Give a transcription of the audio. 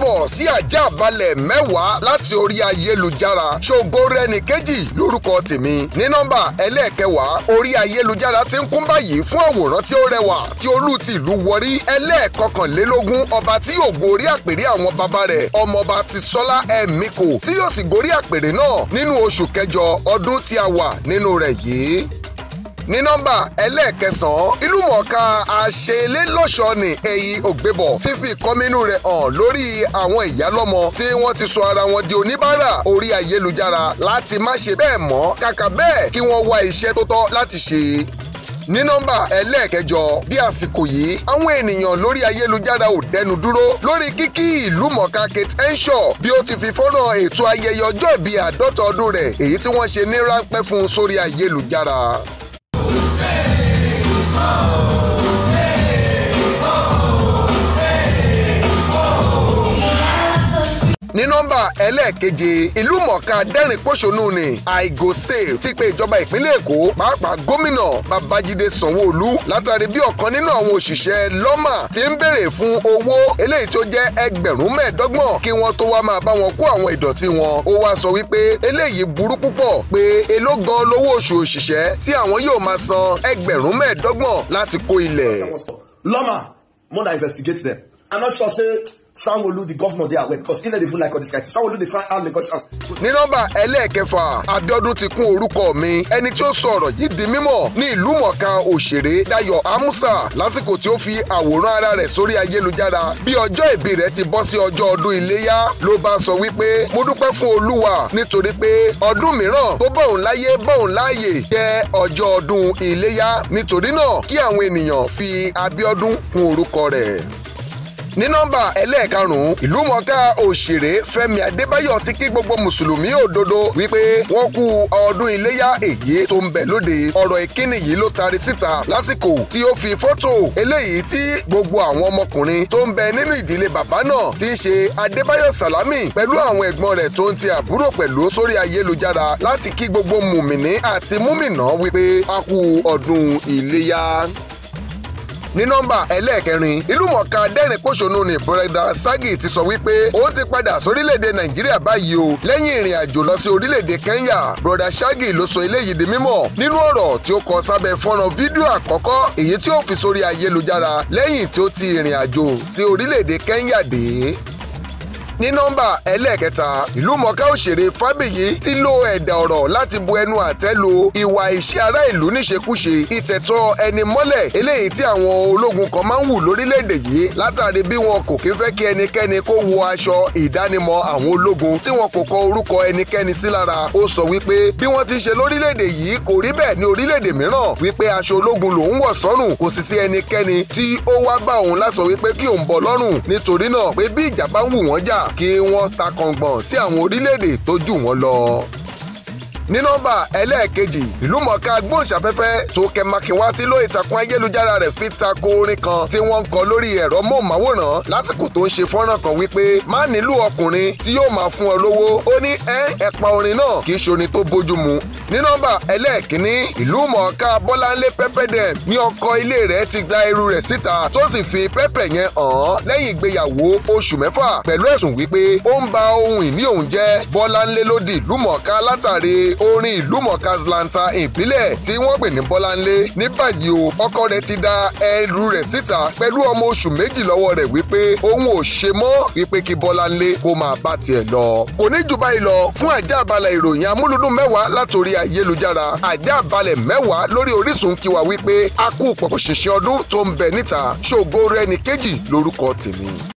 káàbọ̀ sí àjà àbálẹ̀ mẹ́wàá láti orí ayélujára ṣògo rẹni kejì lórúkọ tèmi ní nọ́mbà ẹlẹ́ẹ̀kẹwàá orí ayélujára ti ń kún báyìí fún àwòrán tí ó rẹwà tí olú ti ìlú wọrí ẹlẹ́ẹ̀kọkànlélógún ọba tí yóò gorí àpèrè àwọn baba rẹ̀ ọmọọba ti sọ́lá ẹ̀míkò tí yóò sì gorí àpèrè náà nínú oṣù kẹjọ ọdún tí a wà nínú rẹ̀ yìí ní nọ́mbà ẹlẹ́ẹ̀kẹsàn-án ìlúmọ̀ọ́ká àṣelélọ́ṣọ́ ni èyí ògbébọ̀ fífi ìkọ́mínú rẹ̀ hàn lórí àwọn ìyálọ́mọ tí wọ́n ti sọ ara wọn di oníbàárà orí ayélujára láti má ṣe bẹ́ẹ̀ mọ́ kàkà bẹ́ẹ̀ kí wọ́n wá iṣẹ́ tó tọ́ láti ṣe ní nọ́mbà ẹlẹ́ẹ̀kẹjọ di àsìkò yìí àwọn ènìyàn lórí ayélujára ò dẹnu dúró lórí kíkí ìlú mọ̀ká Kate Henshaw bí ó ti fi fọ́nrán ètò ayẹyẹ ọjọ́ ìbí àádọ́ta ọdún rẹ̀ èyí tí wọ́n ṣe ní ráńpẹ́ fún sórí ayélujára. Oh. ní nọ́mbà ẹlẹ́ẹ̀keje ìlú mọ̀ọ́ká dẹ́rìn-pọ̀ṣọ́nù ni àìgòsè ti pe ìjọba ìpínlẹ̀ èkó pàápàá gómìnà babájídé sanwó látàrí bí ọ̀kan nínú àwọn òṣìṣẹ́ lọ́mà ti ń béèrè fún owó eléyìí tó jẹ́ ẹgbẹ̀rún mẹ́ẹ̀ẹ́dọ́gbọ̀n kí wọ́n tó wá máa bá wọn kó àwọn ìdọ̀tí wọn ó wá sọ wípé eléyìí burú púpọ̀ pé èló lówó oṣù òṣìṣẹ́ tí àwọn yóò máa san ẹgbẹ̀rún mẹ́ẹ̀ẹ́dọ́gbọ̀n láti kó ilẹ̀. lọ́mà mother investigate them i'm not sure say sanwóolu the governor there well because ilẹ̀ dey fún like all this kind thing sanwóolu dey find out the conscience. ní nọ́mbà ẹlẹ́ẹ̀kẹfà Abíọ́dún ti kún orúkọ mi ẹni tí ó sọ ọ̀rọ̀ yìí di mímọ̀ ní ìlú mọ̀ọ́ká òṣèré Dayọ̀ Amusa lásìkò tí ó fi àwòrán ara rẹ̀ sórí ayélujára bí ọjọ́ ìbí rẹ̀ ti bọ́ sí ọjọ́ ọdún iléyá ló bá sọ wípé mo dúpẹ́ fún Olúwa nítorí pé ọdún mìíràn tó bọ̀ láyé bọ̀ láàyè jẹ́ ọjọ́ ọdún iléyá nítorí náà kí àwọn ènìyàn fi Abíọ́dún kún orúkọ rẹ̀ ní nọ́mbà ẹlẹ́ẹ̀karùn-ún ìlúmọ̀ọ́ká òṣèré Fẹ́mi Adébáyọ̀ ti kí gbogbo mùsùlùmí òdodo wípé wọ́n kú ọdún iléyà èyí tó ń bẹ lóde ọ̀rọ̀ ìkíni yìí ló tari síta lásìkò tí ó fi fọ́tò eléyìí tí gbogbo àwọn ọmọkùnrin tó ń bẹ nínú ìdílé bàbá náà ti ń ṣe Adébáyọ̀ Sàlámì pẹ̀lú àwọn ẹ̀gbọ́n rẹ̀ tó ń ti àbúrò pẹ̀lú sórí ayélujára láti kí gbogbo mùmìnì àti múmìnà ní nọ́mbà ẹlẹ́ẹ̀kẹrin ìlúmọ̀ọ́ká dẹ́rìn pòṣónú ni bọ̀rẹ̀dà Ṣágì ti sọ wípé òun ti padà sórílẹ̀-èdè Nàìjíríà báyìí o lẹ́yìn ìrìn àjò lọ sí orílẹ̀-èdè Kẹ́ńyà bọ̀rẹ̀dà Ṣágì ló sọ eléyìí di mímọ̀ nínú ọ̀rọ̀ tí ó kọ sábẹ́ fọ́nrán fídíò àkọ́kọ́ èyí tí ó fi sórí ayélujára lẹ́yìn tí ó ti ìrìn àjò sí orílẹ̀-èdè Kẹ́ńyà dé ní nọ́mbà ẹlẹ́ẹ̀kẹta ìlúmọ̀ọ́ká òṣèré Fábíyì ti lo ẹ̀dà ọ̀rọ̀ láti bu ẹnu àtẹ́ lu ìwà ìṣe ará ìlú níṣekúṣe ìtẹ̀tọ́ ẹni mọ́lẹ̀ eléyìí tí àwọn ológun kan máa ń wù lórílẹ̀‐èdè yìí látàrí bí wọn kò kí fẹ́ kí ẹnikẹ́ni kó wọ aṣọ ìdánimọ̀ àwọn ológun tí wọn kò kọ orúkọ ẹnikẹ́ni sí lára ó sọ wípé bí wọ́n ti ṣe lórílẹ̀‐èdè yìí kò rí bẹ́ẹ̀ ní orílẹ̀‐èdè mìíràn wípé aṣọ ológun lòún wọ̀ sọ́rùn kò sì sí ẹnikẹ́ni tí ó wá bá òun láti sọ wípé kí òun bọ́ lọ́rùn nítorí náà pé bí ìjà ń wù wọ́n jà kí wọ́n ta kàngbọ̀n sí àwọn orílẹ̀-èdè tó jù wọ́n lọ ní nọ́mbà ẹlẹ́ẹ̀kejì ìlúmọ̀ọ́ká gbóhùnsáfẹ́fẹ́ Tókẹ́ Makinwátí ló ìtàkùn ayélujára rẹ̀ fi tako orin kan tí wọ́n ń kọ lórí ẹ̀rọ móhùnmáwòrán lásìkò tó ń ṣe fọ́nrán kan wípé má nílò ọkùnrin tí yóò máa fún ọ lówó ó ní ẹ ẹ̀pa orin náà kì í ṣe orin tó bójú mu ní nọ́mbà ẹlẹ́ẹ̀kínní ìlúmọ̀ọ́ká Bọ́láńlé Pẹ́pẹ́dẹ̀ ní ọkọ ilé rẹ̀ ti gba irú rẹ̀ síta tó sì fi pẹ́pẹ́ yẹn hàn lẹ́yìn ìgbéyàwó oṣù mẹ́fà pẹ̀lú ẹ̀sùn wípé ó ń ba ohun ìní òun jẹ́ Bọ́láńlé ló ìlúmọ̀ọ́ká látàrí orin ìlú mọ̀ọ́ká zlanta ìbílẹ̀ tí wọ́n pè ní bọ́láńlé ní báyìí o ọkọ rẹ̀ ti da ẹrù rẹ̀ síta pẹ̀lú ọmọ oṣù méjì lọ́wọ́ rẹ̀ wípé òun ò ṣe mọ́ wípé kí bọ́láńlé kó máa bá tiẹ̀ lọ. kò ní jù báyìí lọ fún àjàbalẹ̀ ìròyìn amúlùdùn mẹ́wàá látòrí ayélujára àjàbalẹ̀ mẹ́wàá lórí Orísun kí wa wípé a kú pọ̀pọ̀ ṣìnṣìn ọdún tó ń bẹ níta ṣògo rẹ̀ ní kejì lórúkọ tèmi.